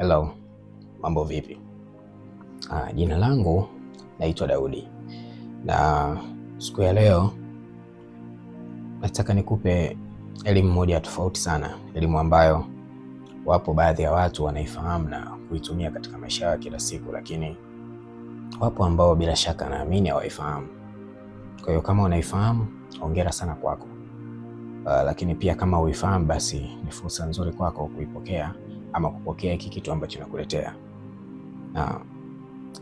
Hello, mambo vipi? Ah, jina langu naitwa Daudi na siku ya leo nataka nikupe elimu moja tofauti sana, elimu ambayo wapo baadhi ya watu wanaifahamu na kuitumia katika maisha yao kila siku, lakini wapo ambao bila shaka naamini hawaifahamu. Kwa hiyo kama unaifahamu, hongera sana kwako. Uh, lakini pia kama uifahamu, basi ni fursa nzuri kwako kuipokea ama kupokea hiki kitu ambacho nakuletea. Na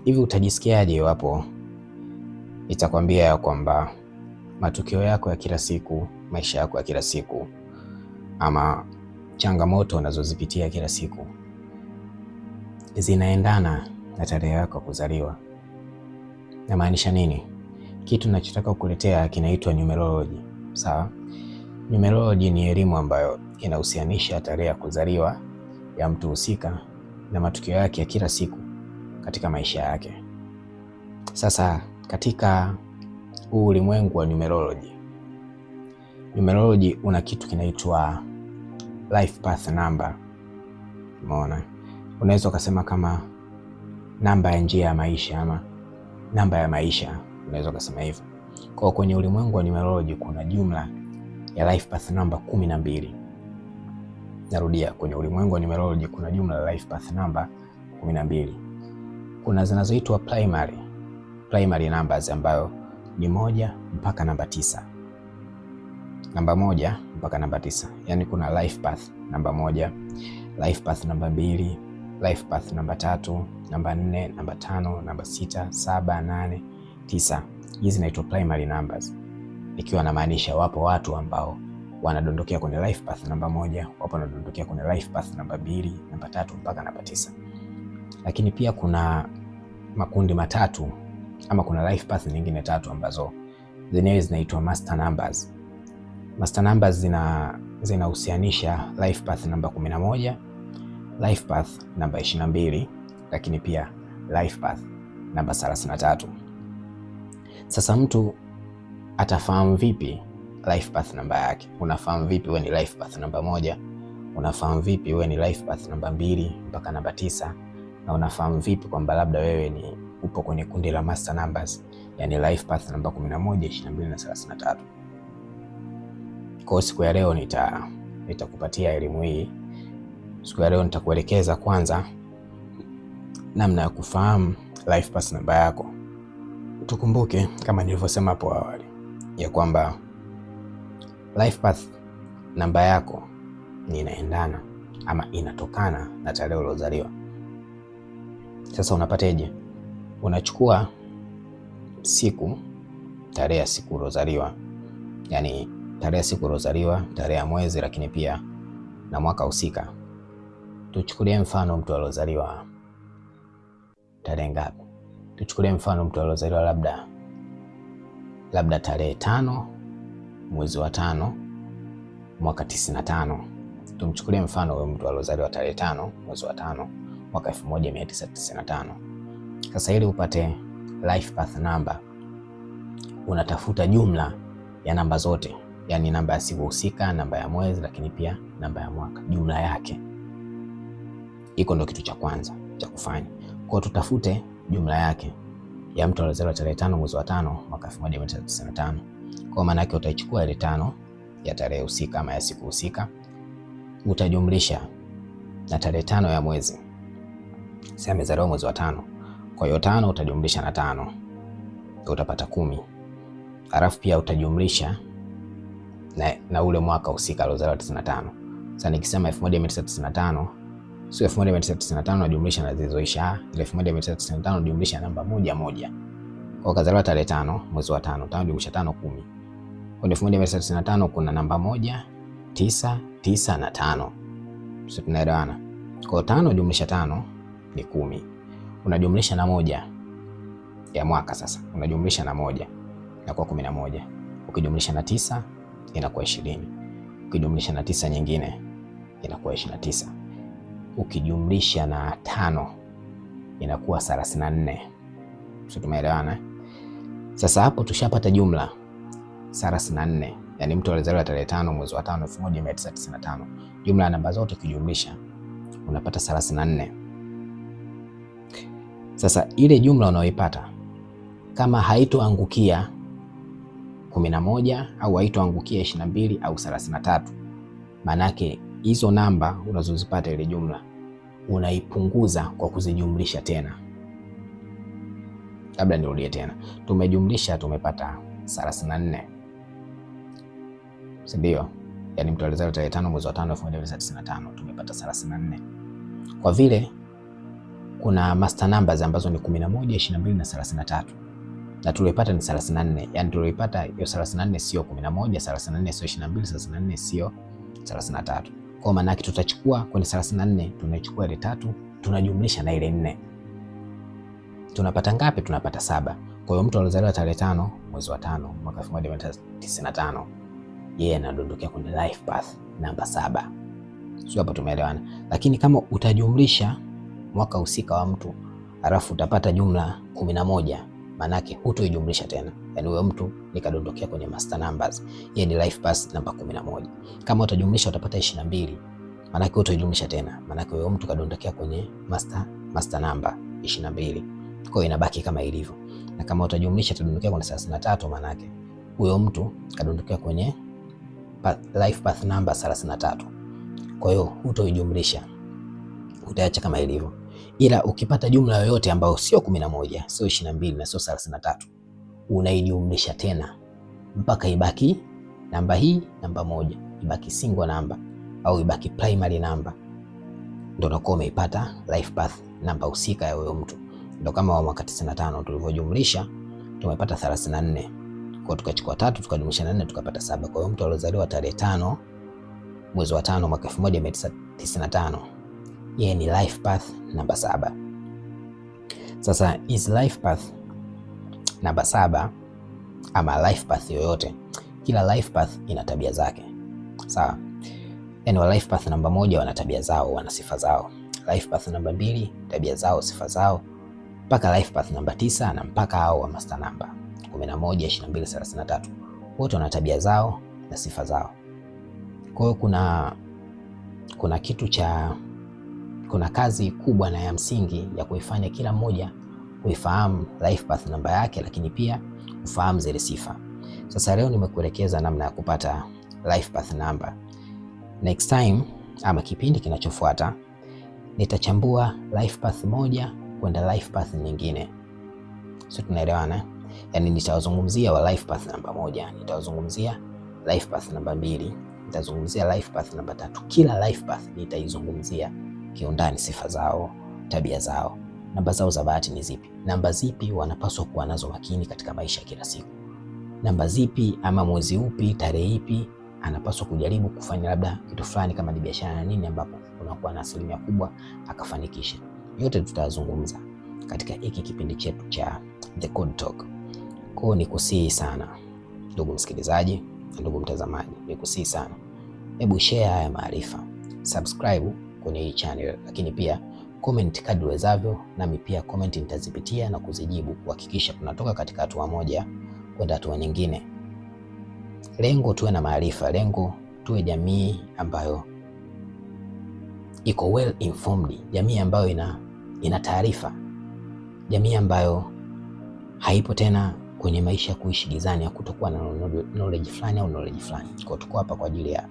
hivi utajisikiaje iwapo nitakwambia ya kwamba matukio yako ya kila siku, maisha yako ya kila siku, ama changamoto unazozipitia kila siku zinaendana na tarehe yako ya kuzaliwa? Namaanisha nini? Kitu nachotaka kukuletea kinaitwa numerology, sawa? Numerology ni elimu ambayo inahusianisha tarehe ya kuzaliwa ya mtu husika na matukio yake ya kila siku katika maisha yake. Sasa katika huu ulimwengu wa numerology, numerology una kitu kinaitwa life path number. Umeona, unaweza ukasema kama namba ya njia ya maisha ama namba ya maisha, unaweza ukasema hivyo. Kwa kwenye ulimwengu wa numerology kuna jumla ya life path number kumi na mbili Narudia, kwenye ulimwengu wa numerology kuna jumla la life path number 12. Kuna zinazoitwa primary, primary numbers ambayo ni moja mpaka namba tisa, namba moja mpaka namba tisa. yani kuna life path namba moja, life path namba mbili, life path namba tatu, namba nne, namba tano, namba sita, saba, nane, tisa. Hizi zinaitwa primary numbers, ikiwa namaanisha wapo watu ambao wanadondokea kwenye life path namba moja, wapo wanadondokea kwenye life path namba mbili, namba tatu mpaka namba tisa. Lakini pia kuna makundi matatu ama kuna life path nyingine tatu ambazo zenyewe zinaitwa master numbers. Master numbers zina zinahusianisha life path namba 11, life path namba 22, lakini pia life path namba 33. Sasa mtu atafahamu vipi life path namba yake. Unafahamu vipi wewe ni life path namba moja? Unafahamu vipi wewe ni life path namba mbili mpaka namba tisa? Na unafahamu vipi kwamba labda wewe ni upo kwenye kundi la master numbers, yani life path namba 11, 22 na 33. Kwa siku ya leo nita nitakupatia elimu hii. Siku ya leo nitakuelekeza kwanza namna ya kufahamu life path namba yako. Tukumbuke kama nilivyosema hapo awali ya kwamba Life path namba yako ni inaendana ama inatokana na tarehe uliozaliwa. Sasa unapataje? Unachukua siku, tarehe ya siku uliozaliwa, yani tarehe ya siku uliozaliwa, tarehe ya mwezi, lakini pia na mwaka husika. Tuchukulie mfano mtu aliozaliwa tarehe ngapi? Tuchukulie mfano mtu aliozaliwa labda labda tarehe tano mwezi wa tano mwaka tano. Tumchukulie mfano huyo mtu aliozaliwa tarehe tano mwezi wa tano mwaka elfu moja mia tisa tano. Sasa ili upate life path number unatafuta jumla ya namba zote, yani namba ya siku husika, namba ya mwezi, lakini pia namba ya mwaka, jumla yake. Iko ndo kitu cha kwanza cha kufanya. Kwa tutafute jumla yake ya mtu aliozaliwa tarehe tano mwezi wa tano mwaka elfu moja mia tisa tano kwa maana yake utaichukua ile tano ya tarehe husika ama ya siku husika utajumlisha na tarehe tano ya mwezi. Sasa amezaliwa mwezi wa tano, kwa hiyo tano utajumlisha na tano utapata kumi. Alafu pia utajumlisha na, na ule mwaka husika aliozaliwa 95. Sasa nikisema 1995 sio 1995 najumlisha na zilizoisha, ah, ile 1995 najumlisha namba moja moja. Kwa kazaliwa tarehe tano mwezi wa tano, tano jumlisha tano kumi. Kwenye 1995 kuna namba moja, tisa, tisa na tano. Sisi tunaelewana. Kwa tano jumlisha tano ni kumi. Unajumlisha na moja ya mwaka sasa. Unajumlisha na moja inakuwa kumi na moja. Ukijumlisha na tisa inakuwa ishirini. Ukijumlisha na tisa nyingine inakuwa ishirini na tisa. Ukijumlisha na tano inakuwa thelathini na nne. Sisi tumeelewana. Eh? Sasa hapo tushapata jumla 34 yani mtu alizaliwa tarehe tano mwezi wa tano 1995. Jumla ya namba zote ukijumlisha unapata 34. Sasa ile jumla unaoipata kama haitoangukia 11 au haitoangukia 22 au 33, maanake hizo namba unazozipata ile jumla unaipunguza kwa kuzijumlisha tena. Labda nirudie tena, tumejumlisha tumepata 34 si ndio? Yaani alizaliwa tarehe tano mwezi wa tano 1995 tumepata 34 kwa vile kuna master numbers ambazo ni 11, 22 na 33 na tulipata ni 34. Yaani tulipata hiyo 34 sio 11, 34 sio 22, 34 sio 33. Kwa maana yake tutachukua kwenye 34 tunachukua ile tatu tunajumlisha na ile nne tunapata ngapi? Tunapata saba. Kwa hiyo mtu alizaliwa tarehe tano mwezi wa tano mwaka 1995 yeye anadondokea kwenye life path namba saba. Sio hapo, tumeelewana. Lakini kama utajumlisha mwaka husika wa mtu alafu utapata jumla kumi na moja manake hutoijumlisha tena, yaani huyo mtu nikadondokea kwenye master numbers, yeye ni life path namba kumi na moja. Kama utajumlisha utapata ishirini na mbili manake hutoijumlisha tena, manake huyo mtu kadondokea kwenye master, master number ishirini na mbili. Kwa hiyo inabaki kama ilivyo, na kama utajumlisha utadondokea kwenye thelathini na tatu maanake huyo mtu kadondokea kwenye life path number 33. Kwa hiyo hutoijumlisha, utaacha kama ilivyo, ila ukipata jumla yoyote ambayo sio 11, sio 22 na sio 33, unaijumlisha tena mpaka ibaki namba hii namba moja, ibaki single namba au ibaki primary namba, ndio utakuwa umeipata life path namba husika ya huyo mtu. Ndio kama wa mwaka 95 tulivyojumlisha tumepata 34 kwa tukachukua tatu tukajumlisha na nne tukapata saba. Kwa hiyo mtu aliozaliwa tarehe tano mwezi wa tano mwaka 1995 yeye ni life path namba saba. Sasa is life path namba saba ama life path yoyote, kila life path ina tabia zake, sawa? Yani wa life path namba moja wana tabia zao, wana sifa zao. Life path namba mbili tabia zao, sifa zao mpaka life path namba 9 na mpaka hao wa master namba 11233 Wote wana tabia zao na sifa zao. Kwa hiyo kuna kuna kitu cha kuna kazi kubwa na ya msingi ya kuifanya kila mmoja kuifahamu life path namba yake, lakini pia kufahamu zile sifa. Sasa leo nimekuelekeza namna ya kupata life path number. Next time ama kipindi kinachofuata nitachambua life path moja kwenda life path nyingine, sio? Tunaelewana? Yani nitawazungumzia wa life path namba moja, nitawazungumzia life path namba mbili, nitazungumzia life path namba tatu. Kila life path nitaizungumzia kiundani, sifa zao, tabia zao, namba zao za bahati ni zipi, namba zipi wanapaswa kuwa nazo makini katika maisha kila siku, namba zipi ama mwezi upi, tarehe ipi anapaswa kujaribu kufanya labda kitu fulani, kama ni biashara na nini, ambapo unakuwa na asilimia kubwa akafanikisha yote tutayazungumza katika hiki kipindi chetu cha The Good Talk. Kwa ni kusihi sana ndugu msikilizaji na ndugu mtazamaji, ni kusihi sana hebu share haya maarifa, subscribe kwenye hii channel, lakini pia comment kadri uwezavyo, nami pia comment nitazipitia na kuzijibu kuhakikisha tunatoka katika hatua moja kwenda hatua nyingine. Lengo tuwe na maarifa, lengo tuwe jamii ambayo iko well informed, jamii ambayo ina ina taarifa. Jamii ambayo haipo tena kwenye maisha ya kuishi gizani ya kutokuwa na knowledge fulani au knowledge fulani. Kwa tuko hapa kwa ajili ya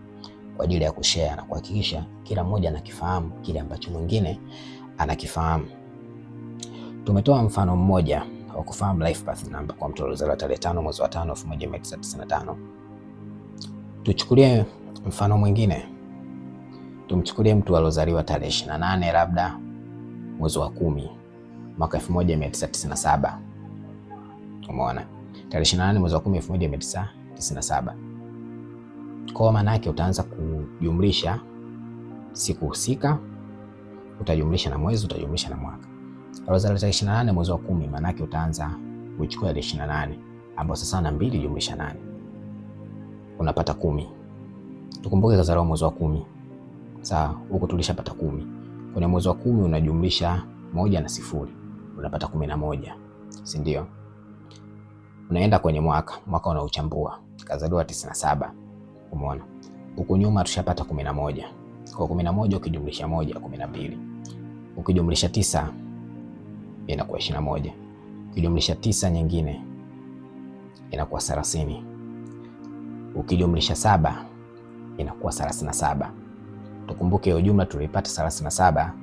kwa ajili ya kushare na kuhakikisha kila mmoja anakifahamu kile ambacho mwingine anakifahamu. Tumetoa mfano mmoja wa kufahamu life path namba kwa mtu aliyozaliwa tarehe 5 mwezi wa 5 1995. Tuchukulie mfano mwingine, tumchukulie mtu aliyozaliwa tarehe 28 labda mwezi wa kumi mwaka 1997. Umeona, tarehe 28 mwezi wa kumi 1997. Kwa maana yake utaanza kujumlisha siku husika, utajumlisha na mwezi, utajumlisha na mwaka. Tarehe 28 mwezi wa kumi, maana yake utaanza kuchukua ile 28 ambayo sasa na mbili jumlisha nane unapata kumi. Tukumbuke kazaliwa mwezi wa kumi, sawa? Huko tulishapata kumi kwenye mwezi wa kumi unajumlisha moja na sifuri unapata kumi na moja, si ndio? Unaenda kwenye mwaka, mwaka unauchambua, kazaliwa tisini na saba. Umeona huku nyuma tushapata kumi na moja. Kwa kumi na moja ukijumlisha moja kumi na mbili, ukijumlisha tisa inakuwa ishirini na moja, ukijumlisha tisa nyingine inakuwa thelathini, ukijumlisha saba inakuwa thelathini na saba. Tukumbuke hiyo jumla tulipata 37 saba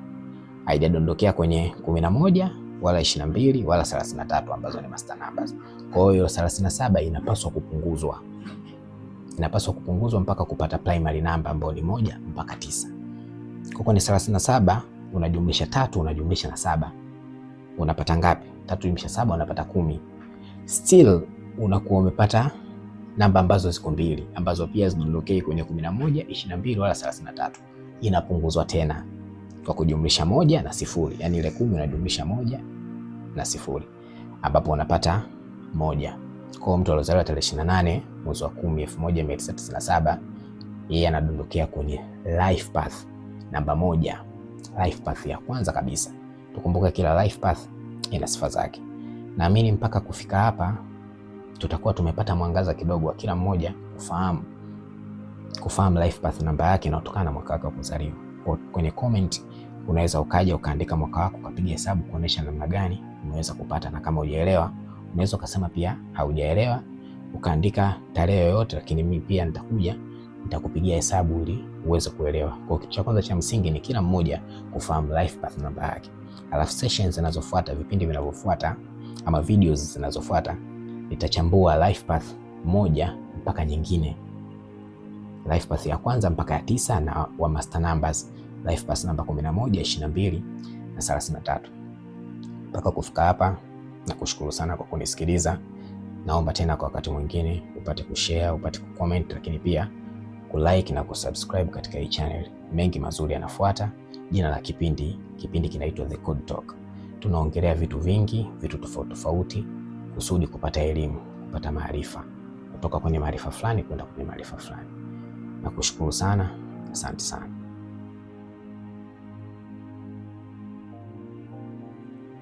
haijadondokea kwenye kumi wala 22 mbili wala 33 tatu ambazo ni master numbers. Kwa hiyo 37 inapaswa kupunguzwa, inapaswa kupunguzwa mpaka kupata primary number ambayo ni moja mpaka tisa. Kwa hiyo ni unajumlisha tatu unajumlisha na saba unapata ngapi? Tatu jumlisha saba unapata kumi. Still unakuwa umepata namba ambazo ziko mbili ambazo pia zinadondokei kwenye 11, na moja, mbili wala 33 inapunguzwa tena kwa kujumlisha moja na sifuri, yani ile kumi unajumlisha moja na sifuri, ambapo unapata moja. Kwa hiyo mtu aliozaliwa tarehe nane mwezi wa 10 saba yeye anadondokea kwenye life path namba moja, life path ya kwanza kabisa. Tukumbuke kila life path ina sifa zake. Naamini mpaka kufika hapa tutakuwa tumepata mwangaza kidogo wa kila mmoja kufahamu kufahamu life path namba yake inaotokana na mwaka wake wa kuzaliwa. Kwenye comment unaweza ukaja ukaandika mwaka wako ukapiga hesabu kuonesha namna gani umeweza kupata, na kama hujaelewa unaweza ukasema pia haujaelewa ukaandika tarehe yoyote, lakini mimi pia nitakuja nitakupigia hesabu ili uweze kuelewa. Kwa kitu cha kwanza cha msingi ni kila mmoja kufahamu life path namba yake, alafu sessions zinazofuata, vipindi vinavyofuata ama videos zinazofuata, nitachambua life path moja mpaka nyingine life path ya kwanza mpaka ya tisa na wa master numbers life path namba 11, 22 na 33. Mpaka kufika hapa, na kushukuru sana kwa kunisikiliza. Naomba tena kwa wakati mwingine upate kushare, upate kucomment, lakini pia kulike na kusubscribe katika hii channel. Mengi mazuri yanafuata. Jina la kipindi, kipindi kinaitwa The Code Talk. Tunaongelea vitu vingi, vitu tofauti tofauti, kusudi kupata elimu, kupata maarifa, kutoka kwenye maarifa fulani kwenda kwenye maarifa fulani. Nakushukuru sana, asante sana.